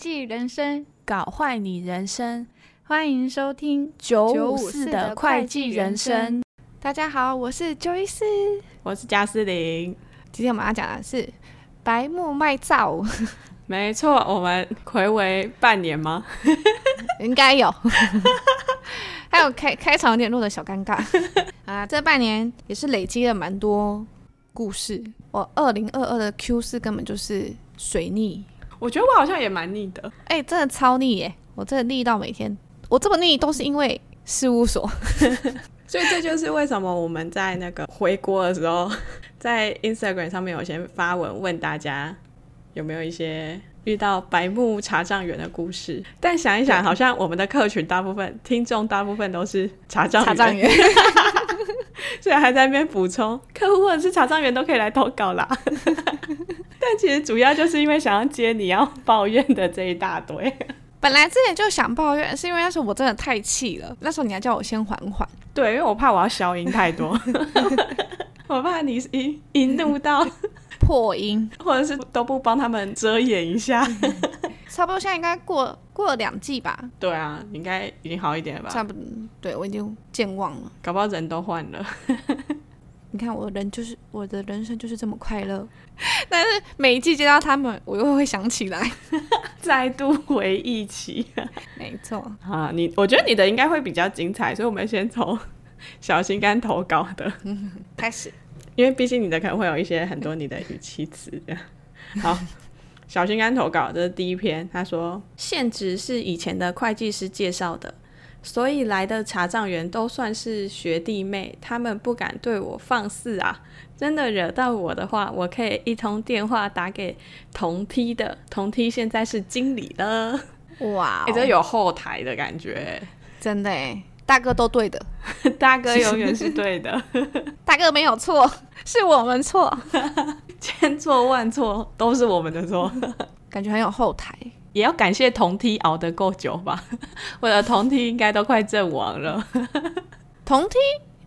計人生搞壞你人生，歡迎收聽九五四的會計人生。大家好，我是 y 一 e 我是嘉斯玲。今天我們要講的是白木賣照。 沒錯，我們回為半年嗎？應該該有。還有開開場有點弱的小尷尬 啊！這半年也是累積了蠻多故事。我二零二二的 Q 四根本就是水逆。我覺得我好像也蠻膩的，哎、欸，真的超膩耶、欸！我真的膩到每天，我這麼膩都是因為事務所， 所以這就是為什麼我們在那個回鍋的時候，在 Instagram 上面有先發文問大家有沒有一些遇到白目查帳員的故事。但想一想，對好像我們的客群大部分、聽眾大部分都是查帳查帳員。帳 所以還在那邊補充，客戶或者是廠商員都可以來投稿啦。 但其實主要就是因為想要接你要抱怨的這一大堆。本來之前就想抱怨，是因為那時候我真的太氣了。那時候你還叫我先緩緩，對，因為我怕我要消音太多， 我怕你一一怒到破音，或者是都不幫他們遮掩一下。 差不多，現在應該過過了兩季吧。對啊，應該已經好一點了吧。差不多，對，我已經健忘了。搞不好人都換了。 你看，我人就是我的人生就是這麼快樂， 但是每一季接到他們，我又會想起來， 再度回憶起。 沒錯。啊，你我覺得你的應該會比較精彩，所以我們先從小心肝投稿的 開始，因為畢竟你的可能會有一些很多你的語氣詞這樣。好。 小心肝投稿，這是第一篇。他說，現職是以前的會計師介紹的，所以來的查賬員都算是學弟妹，他們不敢對我放肆啊。真的惹到我的話，我可以一通電話打給同梯的，同梯現在是經理了。哇，欸，這有後台的感覺，真的，欸。大哥都對的， 大哥永遠是對的， 大哥沒有錯， 是我們錯， 千錯萬錯都是我們的錯， 感覺很有後台，也要感謝同梯熬得夠久吧， 我的同梯應該都快陣亡了。同 梯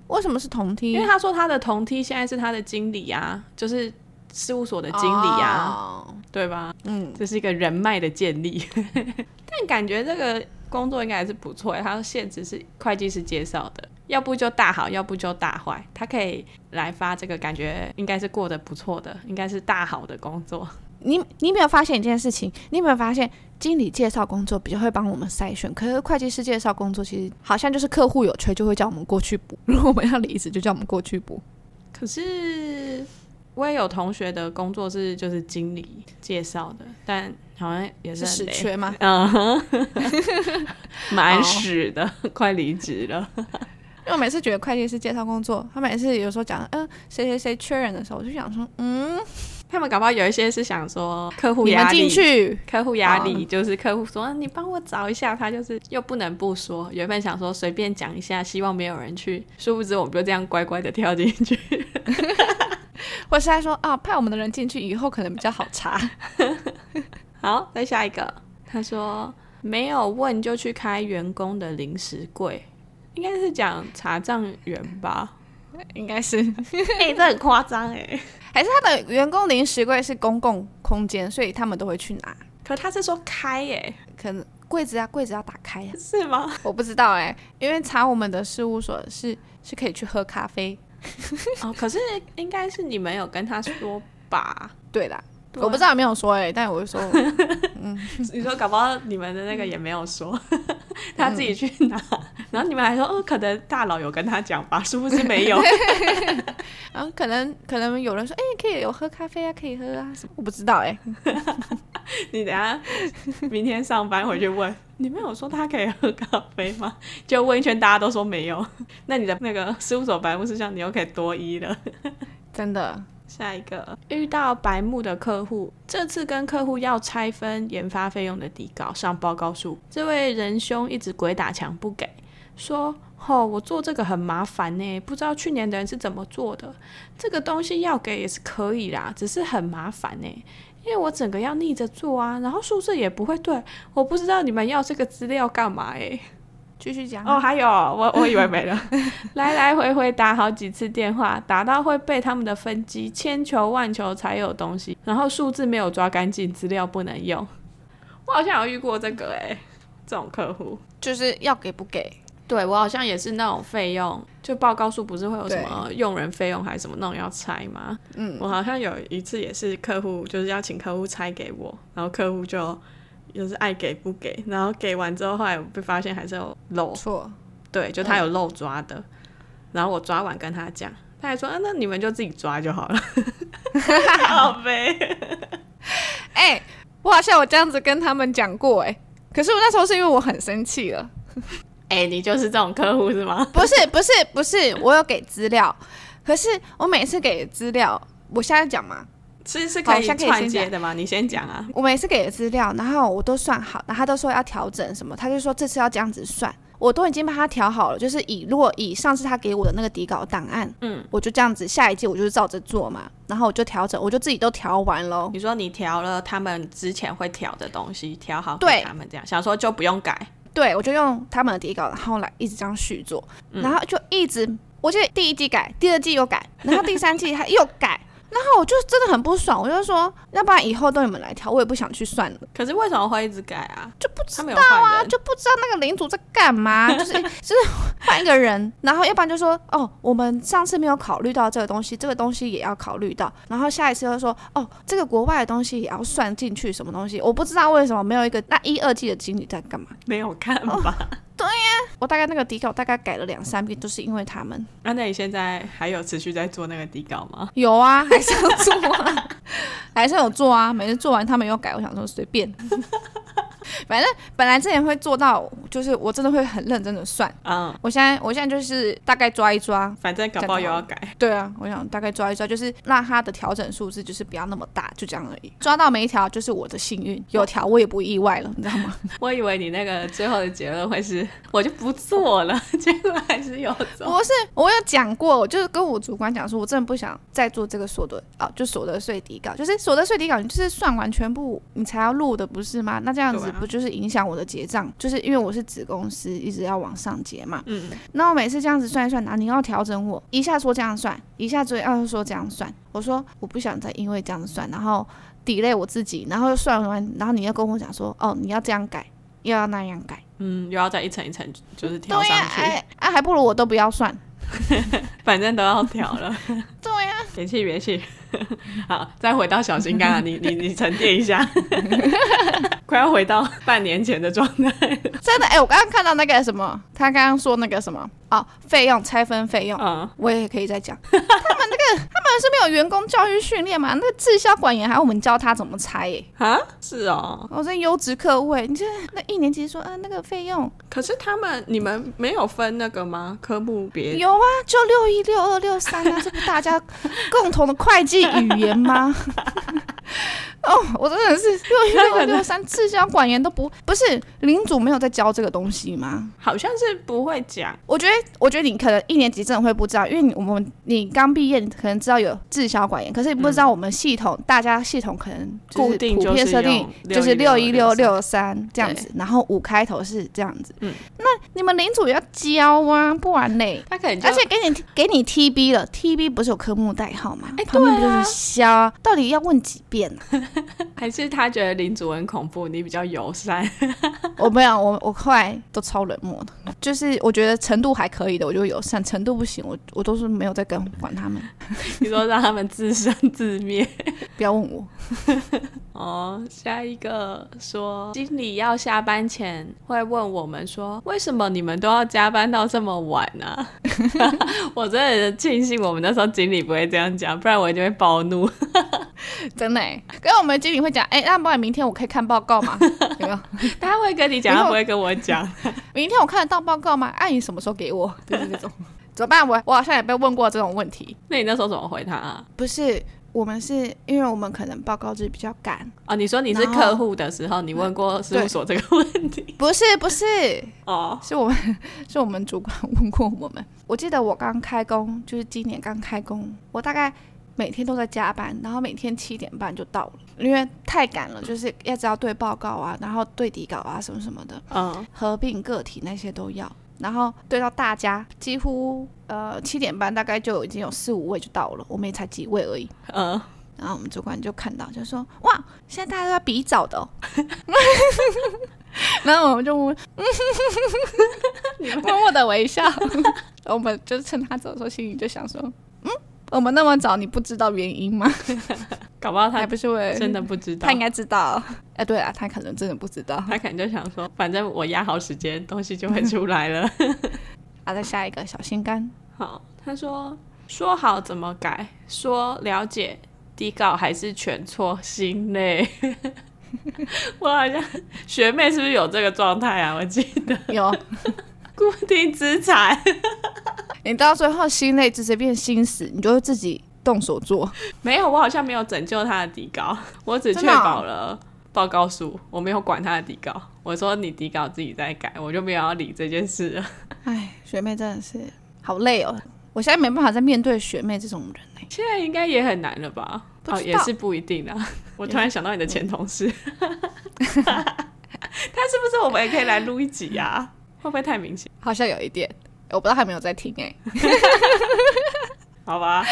為什麼是同梯？因為他說他的同梯現在是他的經理啊，就是事務所的經理啊，oh. 對吧？嗯，這是一個人脈的建立， 但感覺這個。工作應該還是不錯，他說，現職是會計師介紹的，要不就大好，要不就大壞。他可以來發這個，感覺應該是過得不錯的，應該是大好的工作。你你有沒有發現一件事情？你有沒有發現，經理介紹工作比較會幫我們篩選，可是會計師介紹工作其實好像就是客戶有缺就會叫我們過去補，如果我們要離職就叫我們過去補。可是。我也有同學的工作是就是經理介紹的，但好像也是很累，是屎缺嗎？嗯，蠻 屎的，快離職了。 因為我每次覺得會計師介紹工作，他每次有時候講，嗯、呃，誰誰誰缺人的時候，我就想說，嗯，他們搞不好有一些是想說客戶壓力，進去客戶壓力就是客戶說、哦啊，你幫我找一下，他就是又不能不說。原本想說隨便講一下，希望沒有人去，殊不知我們就這樣乖乖的跳進去。 或是他說啊，派我們的人進去以後可能比較好查。 好，再下一個，他說沒有問就去開員工的零食櫃，應該是講查賬員吧，應該是。哎、 欸，這很誇張哎，還是他的員工的零食櫃是公共空間，所以他們都會去拿。可他是說開哎、欸，可能櫃子啊，櫃子要打開、啊、是嗎？我不知道哎、欸，因為查我們的事務所是是可以去喝咖啡。 哦，可是應該是你沒有跟他說吧？ 對的。對我不知道有沒有說哎、欸，但我就說， 嗯、你說搞不好你們的那個也沒有說，嗯、 他自己去拿，然後你們還說，哦，可能大佬有跟他講吧，殊不知沒有？ 然後可能可能有人說，哎、欸，可以有喝咖啡啊，可以喝啊什麼？我不知道哎、欸， 你等下明天上班回去問，你沒有說他可以喝咖啡嗎？就問一圈，大家都說沒有，那你的那個事務所白目是像你又可以多一了，真的。下一個遇到白目的客戶，這次跟客戶要拆分研發費用的底稿上報告書。這位仁兄一直鬼打牆不給，說：吼、哦，我做這個很麻煩呢，不知道去年的人是怎麼做的，這個東西要給也是可以啦，只是很麻煩呢，因為我整個要逆着做啊，然後數字也不會對，我不知道你們要這個資料幹嘛誒。繼續講哦，還有我我以為沒了， 來來回回打好幾次電話，打到會被他們的分機千求萬求才有東西，然後數字沒有抓乾淨，資料不能用。我好像有遇過這個哎、欸，這種客戶就是要給不給？對，我好像也是那種費用，就報告書不是會有什麼用人費用還是什麼那種要拆嗎？嗯對，我好像有一次也是客戶，就是要請客戶拆給我，然後客戶就。就是愛給不給，然後給完之後，後來我被發現還是有漏錯，對，就他有漏抓的，哦、然後我抓完跟他講，他還說：“啊、那你們就自己抓就好了。 好美”好唄。哎，我好像我這樣子跟他們講過哎、欸，可是我那時候是因為我很生氣了。哎、欸，你就是這種客戶是嗎？不是，不是，不是，我有給資料， 可是我每次給資料，我現在講嘛。是是可以，可以先接的嗎？你先講啊。我每次給的資料，然後我都算好，然後他都說要調整什麼，他就說這次要這樣子算，我都已經幫他調好了。就是以若以上次他給我的那個底稿檔案，嗯，我就這樣子下一季我就是照着做嘛，然後我就調整，我就自己都調完嘍。你說你調了他們之前會調的東西，調好對他們這樣，對想說就不用改。對，我就用他們的底稿，然後來一直這樣續做，嗯、然後就一直，我就第一季改，第二季又改，然後第三季他又改。 然後我就真的很不爽，我就說，要不然以後都你們來挑，我也不想去算了。可是為什麼會一直改啊？就不知道啊，就不知道那個領主在幹嘛， 就是就是換一個人。然後要不然就說，哦，我們上次沒有考慮到這個東西，這個東西也要考慮到。然後下一次又說，哦，這個國外的東西也要算進去，什麼東西？我不知道為什麼沒有一個那一二季的經理在幹嘛？沒有看法。哦 Oh yeah. 我大概那個底稿大概改了兩三遍，都、就是因為他們。那你現在還有持續在做那個底稿嗎？有啊，還是有做、啊， 還是有做啊。每次做完他們又改，我想說隨便。 反正本來之前會做到，就是我真的會很認真的算啊。嗯、我現在我現在就是大概抓一抓，反正搞不好又要改。對啊，我想大概抓一抓，就是讓它的調整數字就是不要那麼大，就這樣而已。抓到每一條就是我的幸運，有條我也不意外了，我你知道嗎？我以為你那個最後的結論會是，我就不做了。 結果還是有做。我是我有講過，我就是跟我主管講說，我真的不想再做這個所得啊、哦，就所得稅底稿，就是所得稅底稿，你就是算完全部你才要錄的，不是嗎？那這樣子。不就是影響我的結賬？就是因為我是子公司，一直要往上結嘛。嗯，那我每次這樣子算一算、啊，然後你要調整我一下，說這樣算，一下最後說這樣算。我說我不想再因為這樣算，然後 delay 我自己，然後又算完，然後你又跟我講說，哦，你要這樣改，又要那樣改，嗯，又要再一層一層就是調上去。對呀、啊，哎、啊啊，還不如我都不要算， 反正都要調了。對呀、啊，別氣別氣。 好，再回到小心肝、啊，你你你沉澱一下。 快要回到半年前的狀態，真的哎、欸！我剛剛看到那個什麼，他剛剛說那個什麼。哦，費用拆分費用，啊，嗯，我也可以再講。 他們那個，他們是沒有員工教育訓練嘛？那個自銷管研還要我們教他怎麼拆，欸？哎，啊，是哦。哦，這優質客戶，哎，你這那一年級說，啊，那個費用，可是他們你們沒有分那個嗎？科目別。有啊，就六一、六二、六三啊，這是大家共同的會計語言嗎？ 哦，我真的是六一、六二、六三，自銷管研都不不是領主沒有在教這個東西嗎？好像是不會講，我覺得。我覺得你可能一年級真的會不知道，因為你我們你剛畢業，可能知道有滯銷管理，可是你不知道我們系統，嗯、大家系統可能固定就是設定，就是六一六六三這樣子，樣子對然後五開頭是這樣子。嗯、那你們領主要教啊，不然呢？他肯而且給你給你 TB 了 ，TB 不是有科目代號嗎？哎、欸，對啊，瞎到底要問幾遍、啊？ 還是他覺得林主很恐怖，你比較友善。我、 oh, 沒有，我我後來都超冷漠的，就是我覺得程度還可以的，我就友善；程度不行，我我都是沒有在跟，管他們。 你說讓他們自生自滅， 不要問我。哦、 oh,，下一個說經理要下班前會問我們說，為什麼你們都要加班到這麼晚呢？啊？ 我真的慶幸我們那時候經理不會這樣講，不然我一定會暴怒。 真的、欸，跟我們經理。會講哎、欸，那不然明天我可以看報告嗎？ 有沒有？他會跟你講，他不會跟我講。明天我看得到報告嗎？哎、啊，你什麼時候給我？就是這種。 怎麼辦？我我好像也被問過這種問題。那你那時候怎麼回他、啊？不是，我們是因為我們可能報告是比較趕啊。你說你是客戶的時候，然後，你問過事務所這個問題？嗯、不是，不是。哦，oh. 是我們，是我們主管問過我們。我記得我剛開工，就是今年剛開工，我大概。每天都在加班，然後每天七點半就到了，因為太趕了，就是要知道對報告啊，然後對底稿啊什麼什麼的，嗯，uh. 合併個體那些都要，然後對到大家幾乎呃七點半大概就已經有四五位就到了，我們也才幾位而已，嗯，uh. 然後我們主管就看到就說哇，現在大家都在比早的，哦。 然後我們就默默 的微笑， 我們就趁他走的時候心裡就想說。我們那麼早，你不知道原因嗎？ 搞不好他還不是會真的不知道？他應該知道。哎，對啊，他可能真的不知道。他可能就想說，反正我壓好時間，東西就會出來了。好、 啊，再下一個小心肝。好，他說說好怎麼改？說了解底稿還是全錯心內 我好像學妹是不是有這個狀態啊？我記得 有。固定資產， 你到最後心累直接變心死，你就會自己動手做。沒有，我好像沒有拯救他的底稿，我只確保了報告書，我沒有管他的底稿。我說你底稿自己再改，我就沒有要理這件事了。唉，學妹真的是好累哦，喔，我現在沒辦法再面對學妹這種人，欸。現在應該也很難了吧？哦，也是不一定啦，啊。我突然想到你的前同事， 他是不是我們也可以來錄一集啊？會不會太明顯？好像有一點，我不知道還沒有在聽哎、欸。 好吧，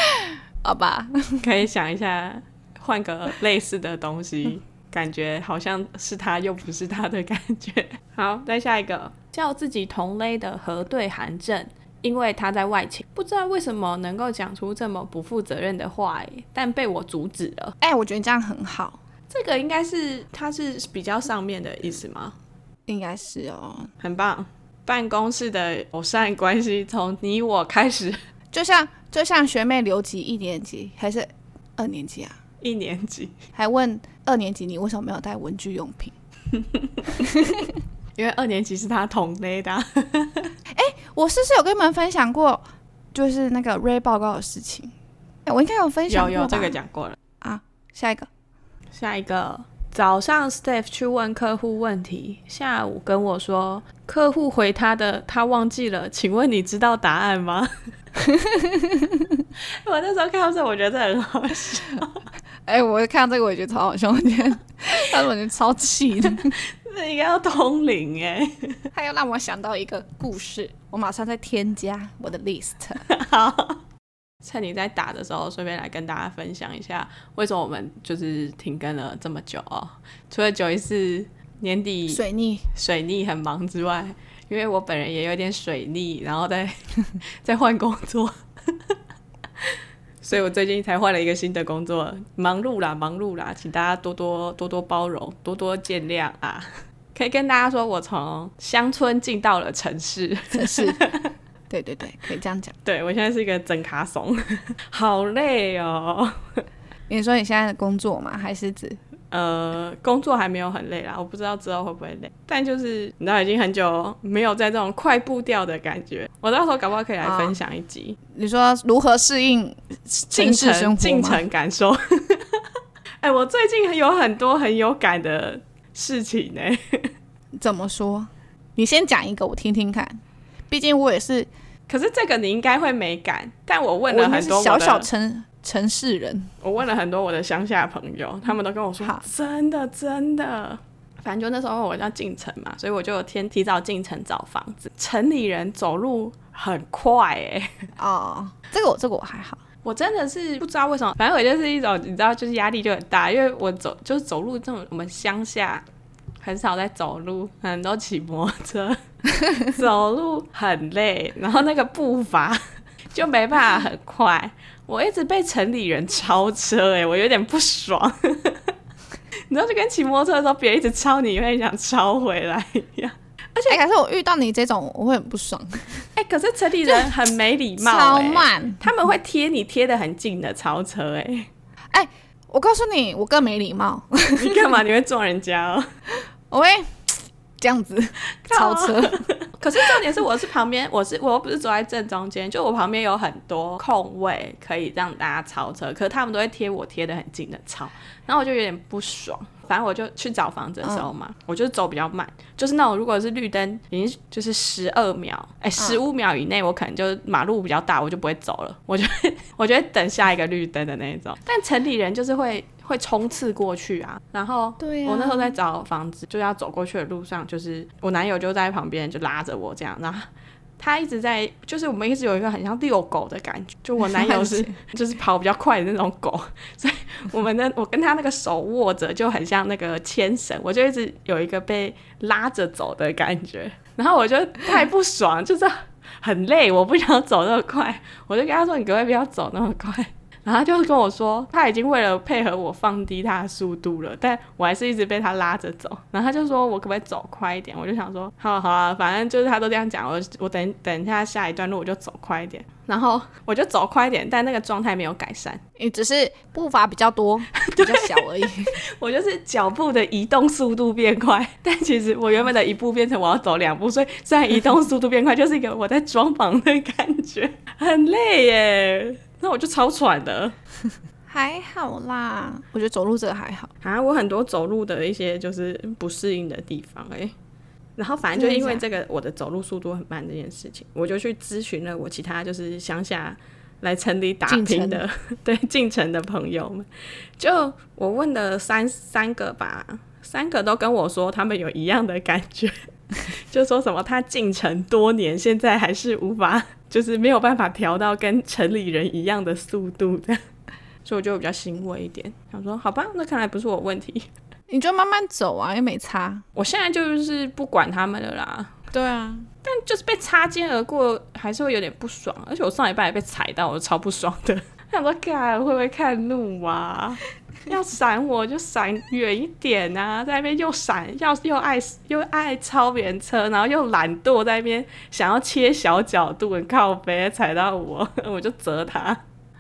好吧，可以想一下，換個類似的東西， 感覺好像是他，又不是他的感覺。好，再下一個，叫自己同類的核對函證，因為他在外勤，不知道為什麼能夠講出這麼不負責任的話，但被我阻止了。哎、欸，我覺得你這樣很好。這個應該是，它是比較上面的意思嗎？應該是哦，很棒。辦公室的友善關係從你我開始，就像就像學妹留級一年級還是二年級啊？一年級還問二年級你為什麼沒有帶文具用品？ 因為二年級是他同類的。哎、 欸，我是不是有跟你們分享過就是那個 Ray 報告的事情？欸、我應該有分享過有有，這個講過了啊。下一個，下一個。早上，staff 去問客戶問題，下午跟我說客戶回他的，他忘記了，請問你知道答案嗎？ 我那時候看到這，我覺得這很好笑。哎、欸，我看到這個，我覺得超好笑， 我天，他本人超氣的，這應該要通靈哎、欸，他 要讓我想到一個故事，我馬上再添加我的 list， 好。趁你在打的時候，順便來跟大家分享一下，為什麼我們就是停更了這麼久哦，除了九一四年底水逆水逆很忙之外，因為我本人也有點水逆，然後在 在換工作， 所以我最近才換了一個新的工作，忙碌啦，忙碌啦，請大家多多多多包容，多多見諒啊！可以跟大家說，我從鄉村進到了城市，城市。 對對對，可以這樣講。對，我現在是一個整卡鬆，好累哦。你說你現在的工作嗎？還是指呃工作還沒有很累啦？我不知道之後會不會累。但就是你都已經很久沒有在這種快步調的感覺，我到時候搞不好可以來分享一集。啊、你說如何適應進程生活？進程感受？哎、 欸，我最近有很多很有感的事情呢、欸。怎麼說？你先講一個我聽聽看，畢竟我也是。可是這個你應該會沒感，但我問了很多小小城城市人，我問了很多我的鄉下的朋友，他們都跟我說真的真的，好反正就那時候我要進城嘛，所以我就有天提早進城找房子。城裡人走路很快哎、欸，哦，oh, 這個我這個我還好，我真的是不知道為什麼，反正我就是一種你知道就是壓力就很大，因為我走就是走路這種，我們鄉下。很少在走路，很多騎摩托車， 走路很累，然後那個步伐就沒辦法很快。我一直被城裡人超車、欸，哎，我有點不爽。 你知道，就跟騎摩托車的時候，別人一直超你，你會想超回來一樣。而且、欸、可是我遇到你這種，我會很不爽。哎、欸，可是城裡人很沒禮貌、欸，超慢，他們會貼你貼得很近的超車、欸，哎、欸，哎。我告訴你，我更沒禮貌。你幹嘛？你會撞人家哦？ 我會這樣子好超車。可是重點是，我是，我是旁邊，我是我又不是坐在正中間，就我旁邊有很多空位可以讓大家超車，可是他們都會貼我貼得很近的超，然後我就有點不爽。反正我就去找房子的時候嘛，Oh. 我就走比較慢，就是那種如果是綠燈，已經就是十二秒，哎、欸，十五秒以內，我可能就馬路比較大，我就不會走了，我就會我覺得等下一個綠燈的那一種。但城裡人就是會會衝刺過去啊，然後對、啊、我那時候在找房子，就要走過去的路上，就是我男友就在旁邊就拉着我這樣，然後。他一直在，就是我們一直有一個很像遛狗的感覺。就我男友是，就是跑比較快的那種狗， 所以我們的，我跟他那個手握着就很像那個牽繩，我就一直有一個被拉着走的感覺。然後我就太不爽， 就是很累，我不想走那麼快，我就跟他說：“你可不可以不，不要走那麼快。”然後他就是跟我說，他已經為了配合我放低他的速度了，但我還是一直被他拉着走。然後他就說我可不可以走快一點？我就想說，好好啊，反正就是他都這樣講，我我等等一下下一段路我就走快一點。然後我就走快一點，但那個狀態沒有改善，你只是步伐比較多、比較小而已。 我就是腳步的移動速度變快，但其實我原本的一步變成我要走兩步，所以雖然移動速度變快，就是一個我在裝忙的感覺，很累耶。那我就超喘的， 還好啦。我覺得走路這個還好，好像我很多走路的一些就是不適應的地方誒、欸。然後反正就因為這個我的走路速度很慢這件事情，的的我就去諮詢了我其他就是鄉下來城裡打拼的進城 對進城的朋友們，就我問了三三個吧，三個都跟我說他們有一樣的感覺。 就說什麼他進城多年，現在還是無法，就是沒有辦法調到跟城裡人一樣的速度的，所以我就比較欣慰一點，想說好吧，那看來不是我問題，你就慢慢走啊，又沒差。我現在就是不管他們了啦。對啊，但就是被擦肩而過，還是會有點不爽。而且我上禮拜也被踩到，我超不爽的。 想說，看會不會看路啊？ 要閃我就閃遠一點啊，在那邊又閃，要又愛又愛超別人車，然後又懶惰在那邊想要切小角度，靠背踩到我，我就折他。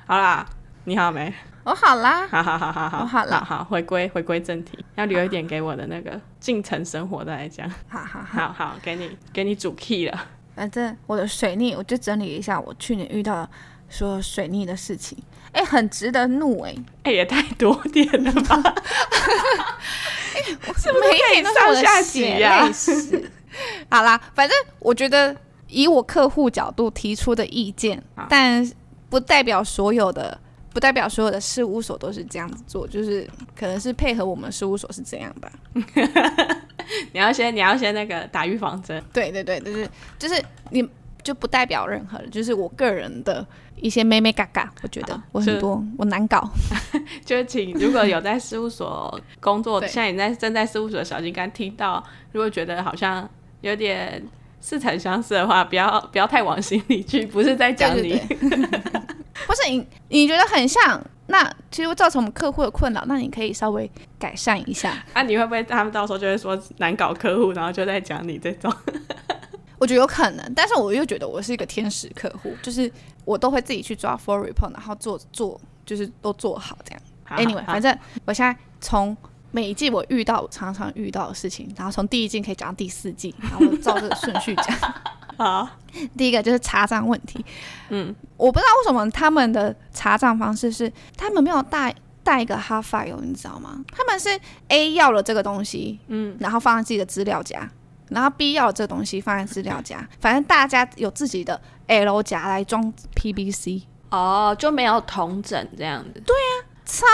好啦，你好沒？我好啦。好好好好，我好啦，好好，回歸回歸正題，要留一點給我的那個進城生活再講。 好好好，好好，給你給你主 key 了。反正我的水逆，我就整理一下我去年遇到的。說水逆的事情，哎、欸，很值得怒哎、欸，哎、欸，也太多點了吧？怎麼上下寫啊？好啦，反正我覺得以我客戶角度提出的意見，好但不代表所有的，不代表所有的事務所都是這樣子做，就是可能是配合我們事務所是這樣吧。 你要先，你要先那個打預防針。對對對對對，就是就是你。就不代表任何人，就是我個人的一些美美嘎嘎。我覺得我很多我難搞， 就請如果有在事務所工作，現在 你在正在事務所的小金剛聽到，對如果覺得好像有點似曾相識的話，不要不要太往心裡去，不是在講你，不是你，你覺得很像，那其實會造成我們客戶的困擾，那你可以稍微改善一下。那、啊、你會不會他們到時候就會說難搞客戶，然後就在講你這種？ 我覺得有可能，但是我又覺得我是一個天使客戶，就是我都會自己去抓 full report 然後做做，就是都做好這樣。Anyway，反正我現在從每一季我遇到我常常遇到的事情，然後從第一季可以講到第四季，然後我照這個順序講。 好，第一個就是查賬問題。嗯，我不知道為什麼他們的查賬方式是他們沒有帶帶一個 hard file，你知道嗎？他們是 A 要了這個東西，嗯，然後放在自己的資料夾。然後必要這東西放在資料夾，反正大家有自己的 L 夾來裝 P B C，哦，oh, 就沒有統整這樣子。對呀、啊，超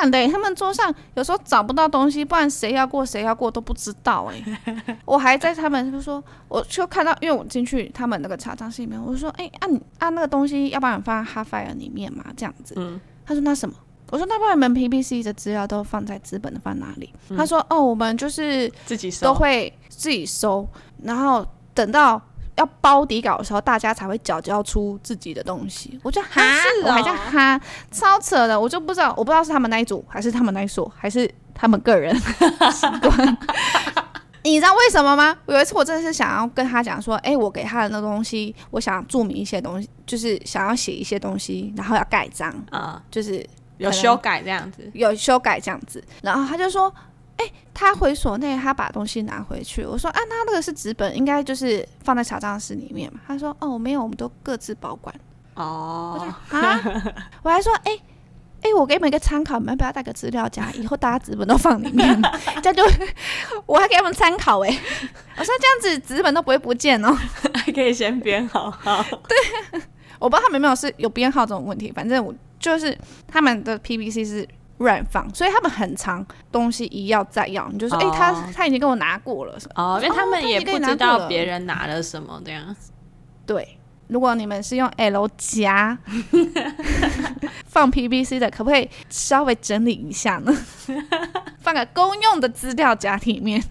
亂的。他們桌上有時候找不到東西，不然誰要過誰要過都不知道。哎， 我還在他們就說，我就看到，因為我進去他們那個查賬室裡面，我就說，哎、欸，按、啊、按、啊、那個東西要不然你們放在 Halfire 裡面嘛，這樣子。嗯、他說那什麼？我說那不然你們 P B C 的資料都放在資本的放哪裡？嗯、他說哦、啊，我們就是自己收，都會。自己收，然後等到要包底稿的時候，大家才會交交出自己的東西。我就哈，是哦，我還在哈，超扯的。我就不知道，我不知道是他們那一組，還是他們那一所，還是他們個人習慣。 你知道為什麼嗎？有一次，我真的是想要跟他講說，哎、欸，我給他的那東西，我想注明一些東西，就是想要寫一些東西，然後要蓋章啊，嗯、就是有修改這樣子，有修改這樣子。然後他就說。哎、欸，他回所內，他把東西拿回去。我說啊，他那個是紙本，應該就是放在小賬室裡面嘛。他說哦，沒有，我們都各自保管。哦，我還說哎哎、欸欸，我給你們一個參考，你們不要帶個資料夾，以後大家紙本都放裡面， 這樣就我還給你們參考哎，我說這樣子紙本都不會不見哦， 還可以先編號好。對，我不知道他們有沒有是有編號這種問題，反正我就是他們的 PVC 是。軟放，所以他們很常東西一要再要，你就說哎、oh. 欸，他他已經給我拿過了，哦，因為他們也不知道別人拿了什麼這樣子。哦、對，如果你們是用 L 夾 放 PVC 的，可不可以稍微整理一下呢？ 放個公用的資料夾裡面，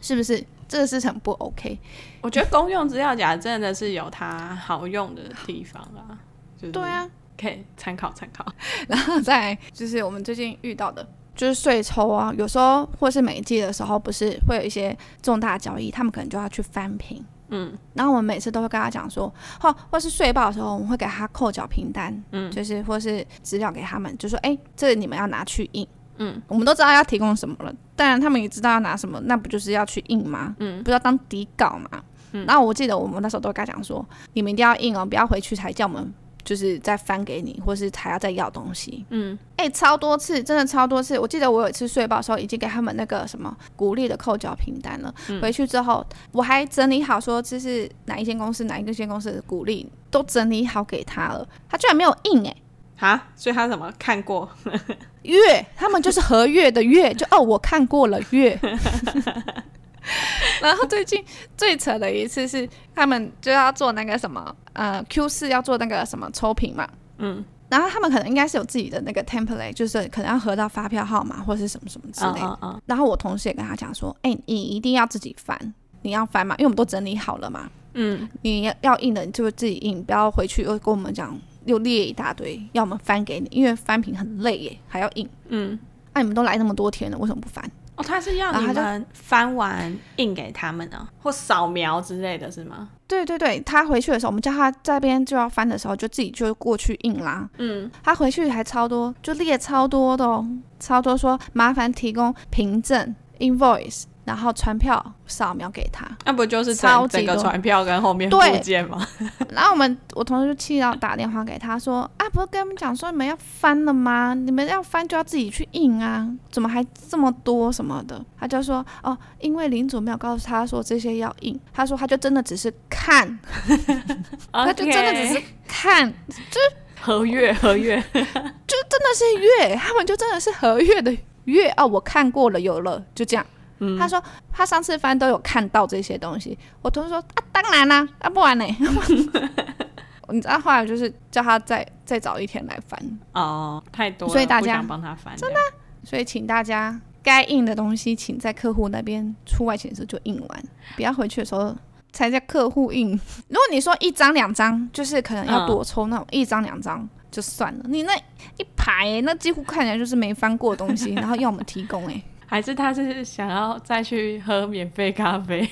是不是這個是很不 OK？我覺得公用資料夾真的是有它好用的地方啊， 是是對啊。可以參考參考，考然後再就是我們最近遇到的，就是稅抽啊，有時候或是每一季的時候，不是會有一些重大交易，他們可能就要去翻平，嗯，然後我們每次都會跟他講說，或或是稅報的時候，我們會給他扣繳憑單，嗯，就是或是資料給他們，就說，哎、欸，這你們要拿去印，嗯，我們都知道要提供什麼了，當然他們也知道要拿什麼，那不就是要去印嗎？嗯，不要當底稿嘛，嗯，然後我記得我們那時候都會跟他講說，你們一定要印哦，不要回去才叫我們。就是再翻給你，或是他要再要東西。嗯，誒、欸，超多次，真的超多次。我記得我有一次稅報的時候，已經給他們那個什麼股利的扣繳憑單了。嗯，回去之後，我還整理好說，這是哪一間公司哪一間公司的股利都整理好給他了，他居然沒有印誒、欸！啊，所以他怎麼看過 月？他們就是合月的月， 就哦，我看過了月。 然後最近最扯的一次是，他們就要做那個什麼，呃，Q 四要做那個什麼抽憑嘛，嗯，然後他們可能應該是有自己的那個 template，就是可能要核到發票號碼或者什麼什麼之類的。哦哦哦、然後我同事也跟他講說，哎、欸，你一定要自己翻，你要翻嘛，因為我們都整理好了嘛，嗯，你要，你要印的你就自己印，不要回去又跟我們講，又列一大堆，要我們翻給你，因為翻憑很累耶，還要印，嗯，哎，你們都來那麼多天了，為什麼不翻？哦，他是要你們翻完印給他們呢、啊，或掃描之類的是嗎？對對對，他回去的時候，我們叫他這邊就要翻的時候，就自己就過去印啦。嗯，他回去還超多，就列超多的哦，超多說麻煩提供憑證。Invoice，然後傳票掃描給他，那、啊、不就是整超多整個傳票跟後面附件嗎？對 然後我們我同事就氣到打電話給他說：“啊，不是跟我們講說你們要翻了嗎？你們要翻就要自己去印啊，怎麼還這麼多什麼的？”他就說：“哦，因為領主沒有告訴他說這些要印。”他說：“他就真的只是看， Okay. 他就真的只是看，就是合約合約， 就真的是月，他們就真的是合約的。”月哦，我看過了，有了，就這樣。嗯、他說他上次翻都有看到這些東西。我同事說啊，當然啦、啊，啊不玩嘞。 你知道後來就是叫他再再找一天來翻哦，太多了，所以大家幫他翻真的？所以請大家該印的東西，請在客戶那邊出外勤的時候就印完，不要回去的時候才叫客戶印。 如果你說一張兩張，就是可能要多抽那種一張兩張。嗯就算了，你那一排、欸、那幾乎看起來就是沒翻過東西，然後要我們提供哎、欸，還是他就是想要再去喝免費咖啡，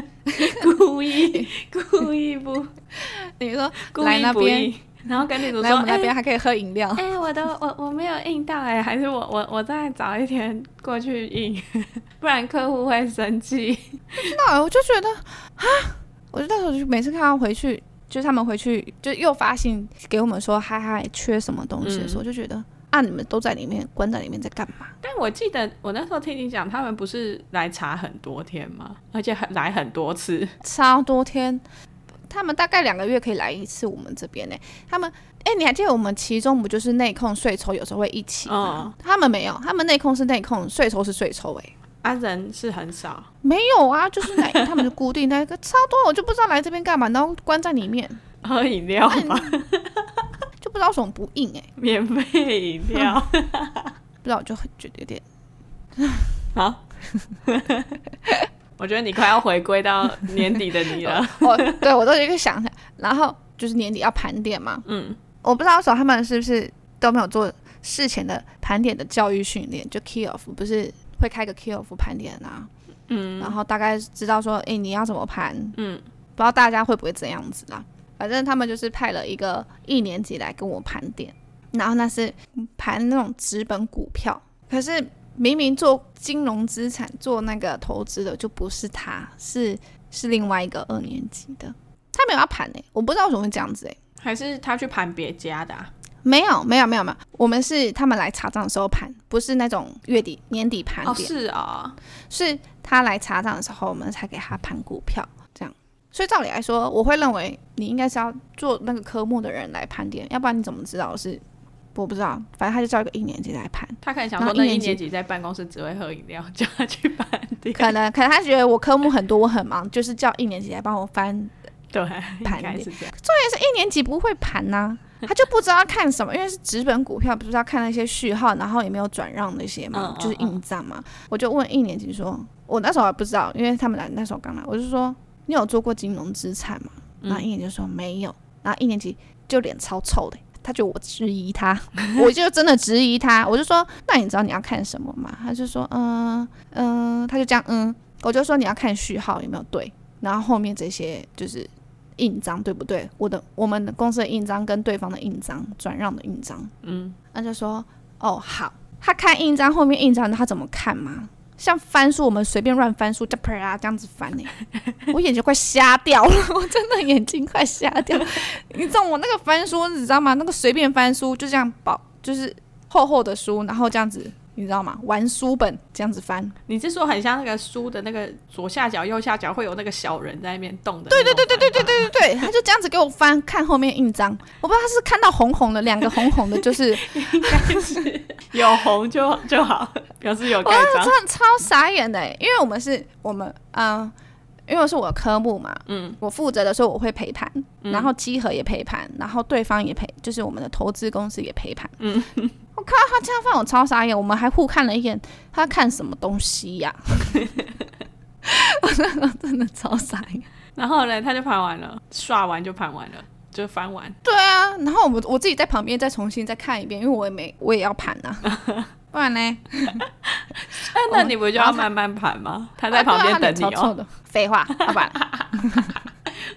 故意 故意不，你說故意意來那邊，然後趕緊來我們那邊還可以喝飲料，哎、欸，我都我我沒有印到哎、欸，還是我我我再早一天過去印， 不然客戶會生氣。那、欸、我就覺得啊，我就到時候就每次看到回去。就是他們回去就又發信給我們說，嗨嗨，缺什麼東西的時候，嗯、就覺得啊，你們都在裡面關在裡面在幹嘛？但我記得我那時候聽你講，他們不是來查很多天嗎？而且很來很多次，超多天，他們大概兩個月可以來一次我們這邊呢、欸。他們哎、欸，你還記得我們其中不就是內控稅籌有時候會一起嗎？哦、他們沒有，他們內控是內控，稅籌是稅籌哎。人是很少，沒有啊，就是奶他們就固定在一個， 超多，我就不知道來這邊幹嘛，然後關在裡面喝飲料嘛、哎，就不知道什麼不硬哎、欸，免費飲料， 不知道我就很覺得有點好， 我覺得你快要回歸到年底的你了，我 哦哦、對，我都一個想想然後就是年底要盤點嘛，嗯，我不知道說他們是不是都沒有做事前的盤點的教育訓練，就 key off 不是。會開個 QF 盤點啦、啊，嗯，然後大概知道說，哎、欸，你要怎麼盤，嗯，不知道大家會不會這樣子啦。反正他們就是派了一個一年級來跟我盤點，然後那是盤那種紙本股票，可是明明做金融資產、做那個投資的就不是他，是是另外一個二年級的，他沒有要盤呢、欸，我不知道為什麼會這樣子哎、欸，還是他去盤別家的啊？沒有沒有沒有沒有，我們是他們來查賬的時候盤，不是那種月底年底盤點。哦、是啊、哦，是他來查賬的時候，我們才給他盤股票，這樣。所以照理來說，我會認為你應該是要做那個科目的人來盤點，要不然你怎麼知道是？我不知道，反正他就叫一個一年級來盤。他可能想說，那一年級在辦公室只會喝飲料，叫他去盤。可能可能他覺得我科目很多，我很忙， 就是叫一年級來幫我翻，對盤點。重點是一年級不會盤吶、啊。 他就不知道看什麼，因為是紙本股票，不知道看那些序號，然後也沒有轉讓那些嘛，uh, uh, uh. 就是印章嘛。我就問一年級說：“我那時候還不知道，因為他們來那時候剛來，我就說你有做過金融資產嗎？”然後一年級就說沒有。然後一年級就臉超臭的，他就我質疑他， 我就真的質疑他，我就說：“那你知道你要看什麼嗎？”他就說：“嗯、呃、嗯。呃”他就這樣，嗯，我就說你要看序號有沒有對，然後後面這些就是。印章對不對？我的，我們的公司的印章跟對方的印章，轉讓的印章。嗯，那就說，哦，好。他看印章後面印章，他怎麼看嘛？像翻書，我們隨便亂翻書，啪啪啊，這樣子翻，呢。 我眼睛快瞎掉了，我真的眼睛快瞎掉了。 你知道我那個翻書，你知道嗎？那個隨便翻書就這樣薄，就是厚厚的書，然後這樣子。你知道嗎？玩書本這樣子翻，你是說很像那個書的那個左下角、右下角會有那個小人在那邊動的？對對對對對對對對對，他就這樣子給我翻 看後面印章，我不知道他是看到紅紅的兩 個紅紅的，就是應該是 有紅就就好，表示有蓋章。我超，超傻眼的，因為我們是我們啊。呃因為我是我的科目嘛，嗯，我負責的時候我會陪盤，嗯、然後稽核也陪盤，然後對方也陪，就是我們的投資公司也陪盤，嗯，我看他這樣放我超傻眼，我們還互看了一眼，他看什麼東西呀？啊？我 真的超傻眼。然後呢，他就盤完了，刷完就盤完了，就翻完。對啊，然後我我自己在旁邊再重新再看一遍，因為我也沒我也要盤啊。 不然呢 、啊？那你不就要慢慢盤嗎？他在旁邊等你哦、喔。廢話，好吧。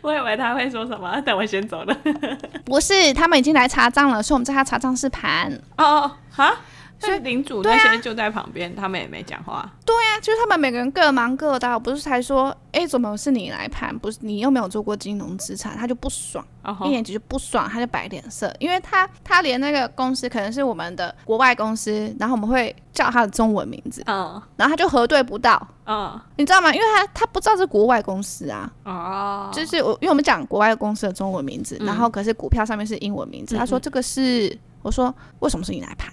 我以為他會說什麼，等我先走了。 不是，他們已經來查賬了，所以我們在他查賬室盤。哦，哦，好。所以領主那些就在旁邊，啊、他們也沒講話。對呀、啊，就是他們每個人各忙各的。不是才說，哎、欸，怎麼是你來盤？不是你又沒有做過金融資產，他就不爽，uh huh. 一臉就不爽，他就擺臉色。因為他他連那個公司可能是我們的國外公司，然後我們會叫他的中文名字，uh huh. 然後他就核對不到、uh huh. 你知道嗎？因為他他不知道是國外公司啊，uh huh. 就是我因為我們講國外公司的中文名字，uh huh. 然後可是股票上面是英文名字，uh huh. 他說這個是，我說為什麼是你來盤？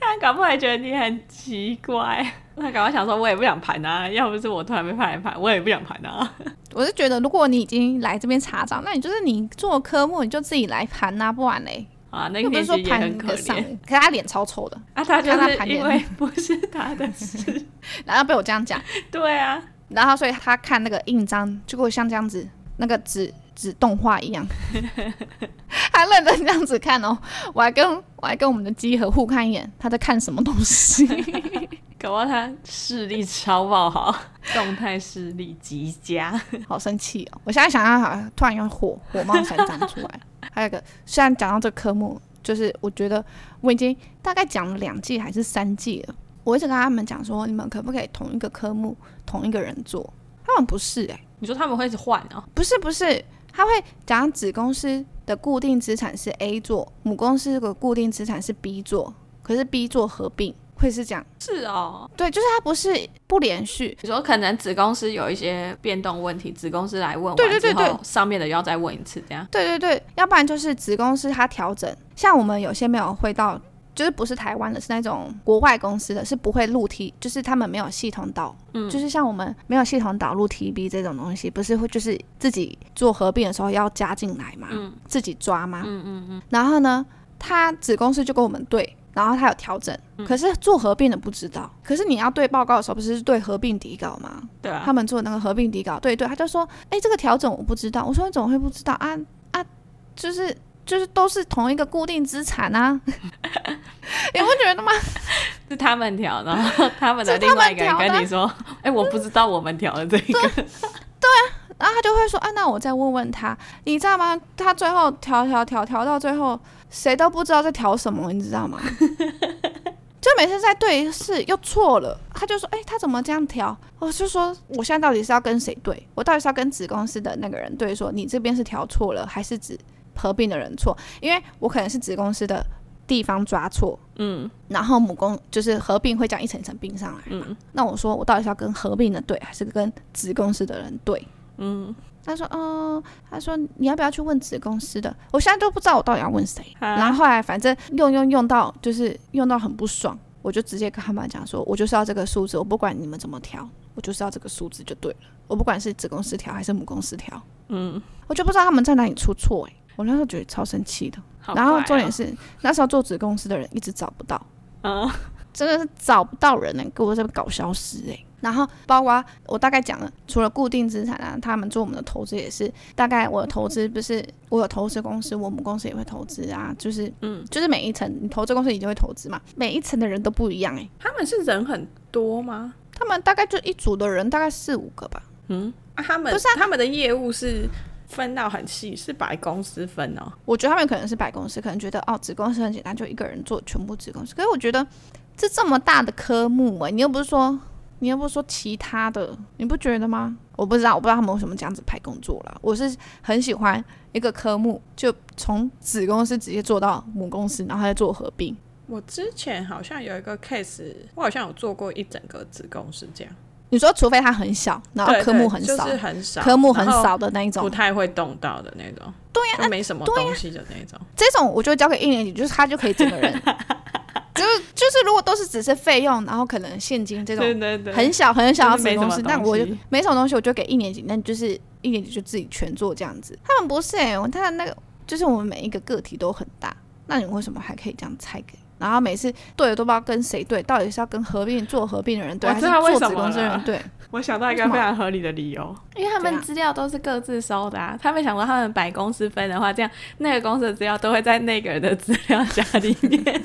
他搞不好還覺得你很奇怪，他搞不好想說：“我也不想盤啊，要不是我突然被派來盤，我也不想盤啊。”我是覺得，如果你已經來這邊查帳，那你就是你做科目，你就自己來盤吶、啊，不然嘞啊，那個不是說盤你的帳，可是他臉超臭的，啊，他就是因為不是他的事， 然後被我這樣講，對啊，然後所以他看那個印章，就會像這樣子，那個紙。是動畫一樣， 他認真這樣子看哦，我還跟我還跟我們的雞和互看一眼，他在看什麼東西？ 搞不好他視力超爆好， 動態視力極佳， 好生氣哦！我現在想想，好像突然用火火冒三丈出來。 還有一個，雖然講到這科目，就是我覺得我已經大概講了兩季還是三季了，我一直跟他們講說，你們可不可以同一個科目同一個人做？他們不是哎、欸，你說他們會一直換哦？不是不是。他會講子公司的固定資產是 A 座，母公司的固定資產是 B 座，可是 B 座合併會是這樣，是哦，對，就是它不是不連續。你說可能子公司有一些變動問題，子公司來問完之後，對對對對，上面的要再問一次，這樣。對對對，要不然就是子公司它調整，像我們有些沒有回到。就是不是台灣的，是那種國外公司的，是不會錄 T，就是他們沒有系統導，嗯、就是像我們沒有系統導入 T B 這種東西，不是會就是自己做合併的時候要加進來嘛，嗯、自己抓嗎？嗯嗯嗯、然後呢，他子公司就跟我們對，然後他有調整，嗯、可是做合併的不知道，可是你要對報告的時候不是對合併底稿嗎？對、啊、他們做那個合併底稿，對對，他就說，哎、欸，這個調整我不知道，我說你怎麼會不知道啊啊？就是就是都是同一個固定資產啊。 你不覺得嗎？ 是他們調，然後他們的另外一個跟你說：“哎、欸，我不知道我們調的這個。對”對啊，然後他就會說：“啊，那我再問問他，你知道嗎？他最後調調調調到最後，誰都不知道在調什麼，你知道嗎？ 就每次在對視又錯了，他就說：‘哎、欸，他怎麼這樣調？’我就說：‘我現在到底是要跟誰對？我到底是要跟子公司的那個人對說？說你這邊是調錯了，還是指合併的人錯？因為我可能是子公司的。”地方抓錯，嗯，然後母公就是合併會這樣一層一層併上來嘛。嗯、那我說我到底是要跟合併的對，還是跟子公司的人對？嗯，他說，嗯、呃，他說你要不要去問子公司的？我現在都不知道我到底要問誰？哈然後後來反正用用用到就是用到很不爽，我就直接跟他們講說，我就是要這個數字，我不管你們怎麼調，我就是要這個數字就對了。我不管是子公司調還是母公司調，嗯，我就不知道他們在哪裡出錯哎、欸。我那時候覺得超生氣的。然後重點是，哦、那時候做子公司的人一直找不到，啊、嗯，真的是找不到人呢、欸，給我這在搞消失哎、欸。然後包括我大概講了，除了固定資產啊，他們做我們的投資也是，大概我的投資不是、嗯、我有投資公司，嗯、我們公司也會投資啊，就是嗯，就是每一層你投資公司一定會投資嘛，每一層的人都不一樣哎、欸。他們是人很多嗎？他們大概就一組的人大概四五個吧。嗯、啊，他們是他，他們的業務是。分到很細是白公司分哦，我覺得他們可能是白公司，可能覺得哦子公司很簡單，就一個人做全部子公司。可是我覺得這這麼大的科目、欸，哎，你又不是說，你又不是說其他的，你不覺得嗎？我不知道，我不知道他們為什麼這樣子排工作了。我是很喜歡一個科目就從子公司直接做到母公司，嗯、然後再做合併。我之前好像有一個 case，我好像有做過一整個子公司這樣。你說，除非他很小，然後科目很少，對對，就是、很少科目很少的那一種，不太會動到的那種，對呀、啊，就沒什麼東西的那種。啊、這種我就交給一年級，就是他就可以整個人， 就，就是就是，如果都是只是費用，然後可能現金這種，對對對，很小很小的東西，那我就是、沒什麼東西，東西我就給一年級，那就是一年級就自己全做這樣子。他們不是哎、欸，他的那個就是我們每一個個體都很大，那你為什麼還可以這樣拆給？然後每次對了都不知道跟誰對，到底是要跟合併做合併的人對，啊、還是做子公司的人對？我想到一個非常合理的理由，為樣因為他們資料都是各自收的啊。他們想過他們把公司分的話，這樣那個公司的資料都會在那個人的資料夾裡面，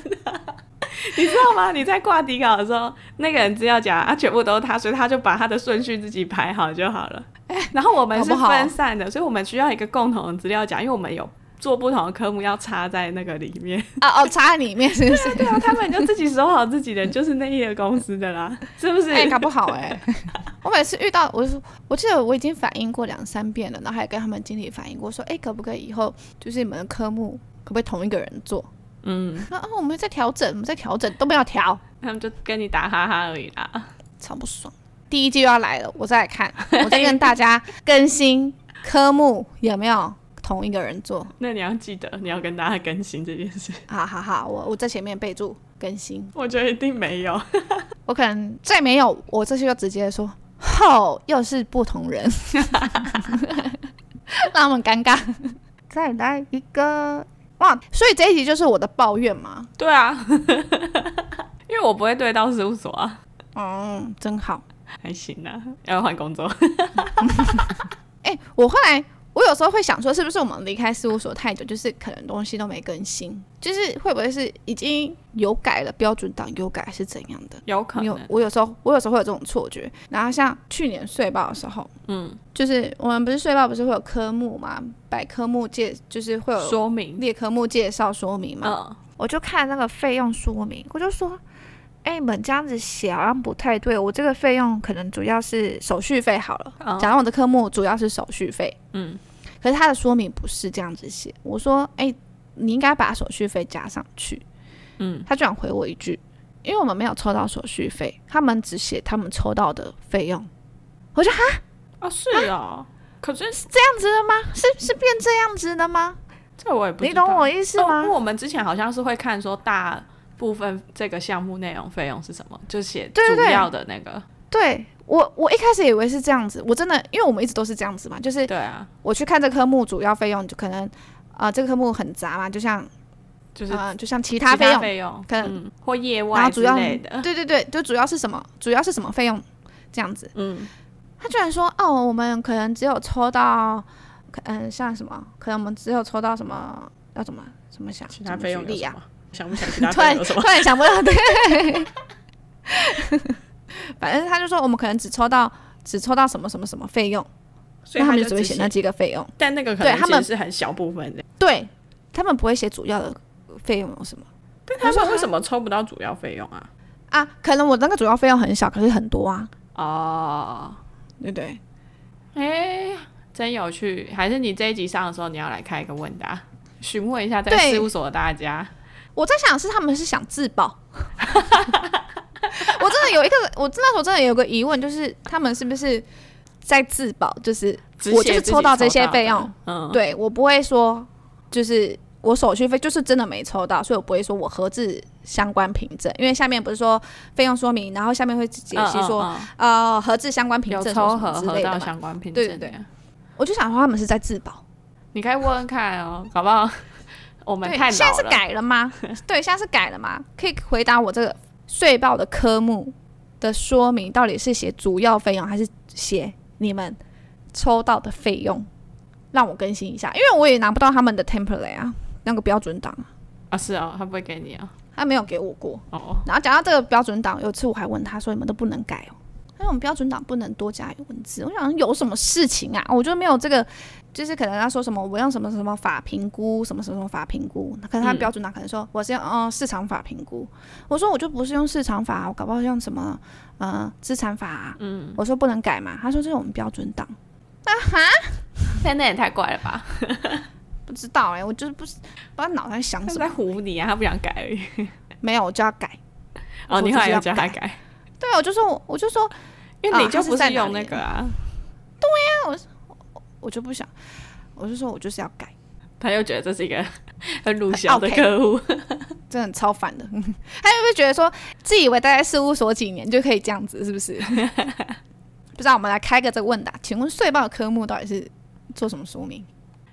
你知道嗎？你在掛底稿的時候，那個人資料夾啊全部都是他，所以他就把他的順序自己排好就好了。哎，然後我們是分散的，好好，所以我們需要一個共同的資料夾，因為我們有。做不同的科目要插在那個裡面啊哦，哦，插在裡面是不是？ 對、啊，對啊，他們就自己守好自己的， 就是那一個公司的啦，是不是？哎、欸，搞不好哎、欸， 我每次遇到，我就說，我記得我已經反映過兩三遍了，然後還跟他們經理反映過，說，哎、欸，可不可以以後就是你們的科目可不可以同一個人做？嗯，然後、啊、我們在調整，我們在調整，都不要調，他們就跟你打哈哈而已啦，超不爽。第一季又要來了，我再來看， 我再跟大家更新科目有沒有？同一個人做，那你要記得，你要跟大家更新這件事。好好好，我我在前面備註更新。我覺得一定沒有， 我可能再沒有，我這就直接說，吼，又是不同人，讓他們尷尬。 再來一個哇，所以這一集就是我的抱怨嘛。對啊， 因為我不會對到事務所啊。嗯，真好，還行呢、啊、要換工作。哎、 欸，我後來。我有時候會想說，是不是我們離開事務所太久，就是可能東西都沒更新，就是會不會是已經有改了標準檔有改是怎樣的？有可能。我有，我有時候我有時候會有這種錯覺。然後像去年稅報的時候，嗯，就是我們不是稅報不是會有科目嘛，百科目介就是會有說明列科目介紹說明嘛。說明我就看那個費用說明，我就說。哎，欸、你們這樣子寫好像不太對。我這個費用可能主要是手續費好了，假如、嗯、我的科目主要是手續費。嗯，可是他的說明不是這樣子寫。我說，哎、欸，你應該把手續費加上去。嗯，他居然回我一句，因為我們沒有抽到手續費，他們只寫他們抽到的費用。我說哈，啊是啊，是哦、蛤可是是這樣子的嗎？是是變這樣子的嗎？這我也不知道，你懂我意思嗎、哦？因為我們之前好像是會看說大。部分這個項目內容費用是什麼？就寫主要的那個。對，對，對，對我，我一開始以為是這樣子，我真的因為我們一直都是這樣子嘛，就是對啊，我去看這科目主要費用，就可能啊、呃、這個科目很雜嘛，就像就是啊、呃、就像其他費用費用可能、嗯、或業外之類的，然後主要很，對對對，就主要是什麼，主要是什麼費用這樣子。嗯。他居然說哦，我們可能只有抽到，嗯，像什麼可能我們只有抽到什麼要怎麼怎麼想其他費用什麼。想不想其他突然？突然想不到對。 反正他就說，我們可能只抽到只抽到什麼什麼什麼費用，所以他,就他們就只會寫那幾個費用。但那個可能其實是很小部分的，他對他們不會寫主要的費用有什麼？他說：“為什麼抽不到主要費用啊他他？”啊，可能我那個主要費用很小，可是很多啊。哦，oh, 對對。哎，真有趣。還是你這一集上的時候，你要來開一個問答，詢問一下在事務所的大家。我在想是他們是想自保， 我真的有一個，我那時候真的有一個疑問，就是他們是不是在自保？就是我就是抽到這些費用，對嗯，對，我不會說，就是我手續費就是真的沒抽到，所以我不會說我核制相關憑證，因為下面不是說費用說明，然後下面會解析說，嗯嗯、呃，核制相關憑證抽核到相關憑證，對，對對，我就想說他們是在自保，你可以問看哦， 好不好？我們看了。現在是改了嗎？ 對，現在是改了嗎？可以回答我這個稅報的科目的說明到底是寫主要費用還是寫你們抽到的費用？讓我更新一下，因為我也拿不到他們的 template 啊，那個標準檔啊。是啊、哦，他不會給你啊，他沒有給我過哦。Oh. 然後講到這個標準檔，有一次我還問他說，你們都不能改哦。他說我們標準檔不能多加一個文字，我想有什麼事情啊？我就沒有這個，就是可能他說什麼我用什麼什麼法評估，什麼什麼什麼法評估，可是他標準檔可能說我是，我用、嗯、哦市場法評估，我說我就不是用市場法，我搞不好用什麼呃資產法、啊，嗯，我說不能改嘛，他說這是我們標準檔啊哈，現在也太怪了吧， 不知道哎、欸，我就是不不知道腦袋在想什麼、欸。他在唬你啊，他不想改而已。沒有，我就要改。哦，你後來就要改。對啊，我就說，我我就說，因為你就不是用那個啊，啊對呀、啊，我我就不想，我就說我就是要改，他又覺得這是一個很魯蛇的客戶 OK， 真的超煩的， 他又不是覺得說自己以為待在事務所幾年就可以這樣子，是不是？ 不知道，我們來開個這個問答，請問稅報科目到底是做什麼說明？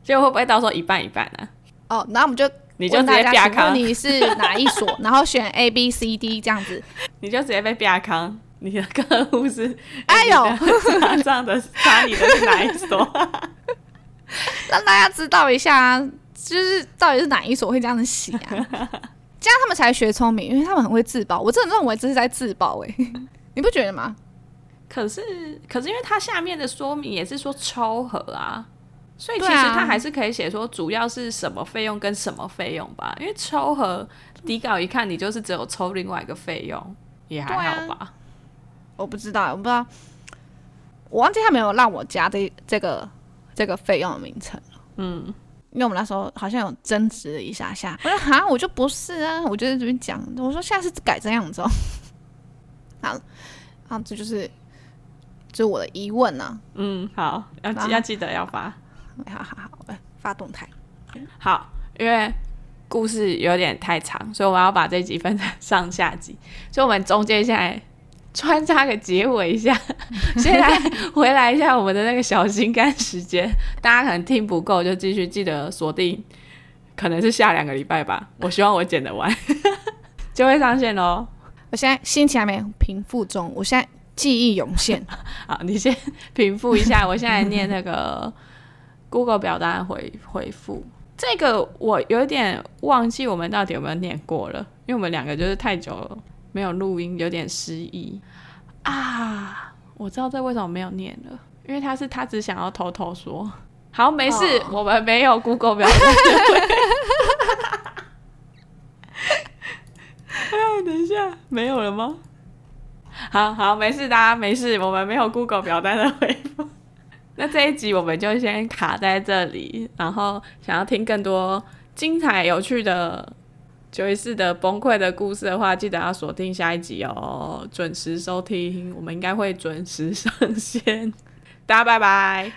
結果會不會到時候一半一半呢、啊？哦，那我們就。你就直接標你是哪一所？ 然後選 A B C D 這樣子，你就直接被標康。你的客戶是哎呦，這的插你的是哪一所？ 讓大家知道一下，就是到底是哪一所會這樣子寫啊？這樣 他們才學聰明，因為他們很會自爆。我真的認為這是在自爆、欸，哎，你不覺得嗎？可是，可是，因為它下面的說明也是說超合啊。所以其實他還是可以寫說，主要是什麼費用跟什麼費用吧，啊、因為抽和底稿一看，你就是只有抽另外一個費用，也還好吧、啊。我不知道，我不知道，我忘記他沒有讓我加這這個這個費用的名稱。嗯，因為我們那時候好像有爭執了一下下，我說哈，我就不是啊，我就在這邊講，我說下次改這樣子、喔。 好，啊，這就是，就是我的疑問啊。嗯，好，要後要記得要發。好好好，發動態。好，因為故事有點太長，所以我們要把這集分成上下集，所以我們中間現在穿插個結尾一下。現在回來一下我們的那個小心肝時間， 大家可能聽不夠，就繼續記得鎖定，可能是下兩個禮拜吧。我希望我剪得完 就會上線嘍。我現在心情還沒有平復中，我現在記憶湧現。 好，你先平復一下，我現在念那個。Google 表單回回復，這個我有點忘記我們到底有沒有念過了，因為我們兩個就是太久了，沒有錄音，有點失憶啊。我知道這為什麼沒有念了，因為他是他只想要偷偷說，好，沒事，哦、我們沒有 Google 表單的回復。 哎等一下，沒有了嗎？好好，沒事大家，啊、沒事，我們沒有 Google 表單的回復。那這一集我們就先卡在這裡，然後想要聽更多精彩有趣的九一四的崩潰的故事的話，記得要鎖定下一集哦，準時收聽，我們應該會準時上線，大家拜拜，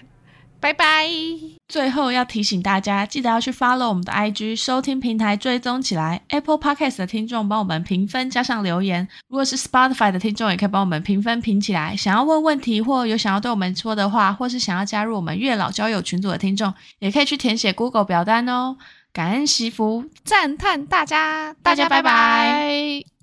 拜拜。最後要提醒大家，記得要去 follow 我們的 IG、收聽平台追蹤起來。Apple Podcast 的聽眾幫我們評分加上留言，如果是 Spotify 的聽眾也可以幫我們評分評起來。想要問問題或有想要對我們說的話，或是想要加入我們月老交友群組的聽眾，也可以去填寫 Google 表單哦。感恩祈福，讚嘆大家，大家拜拜。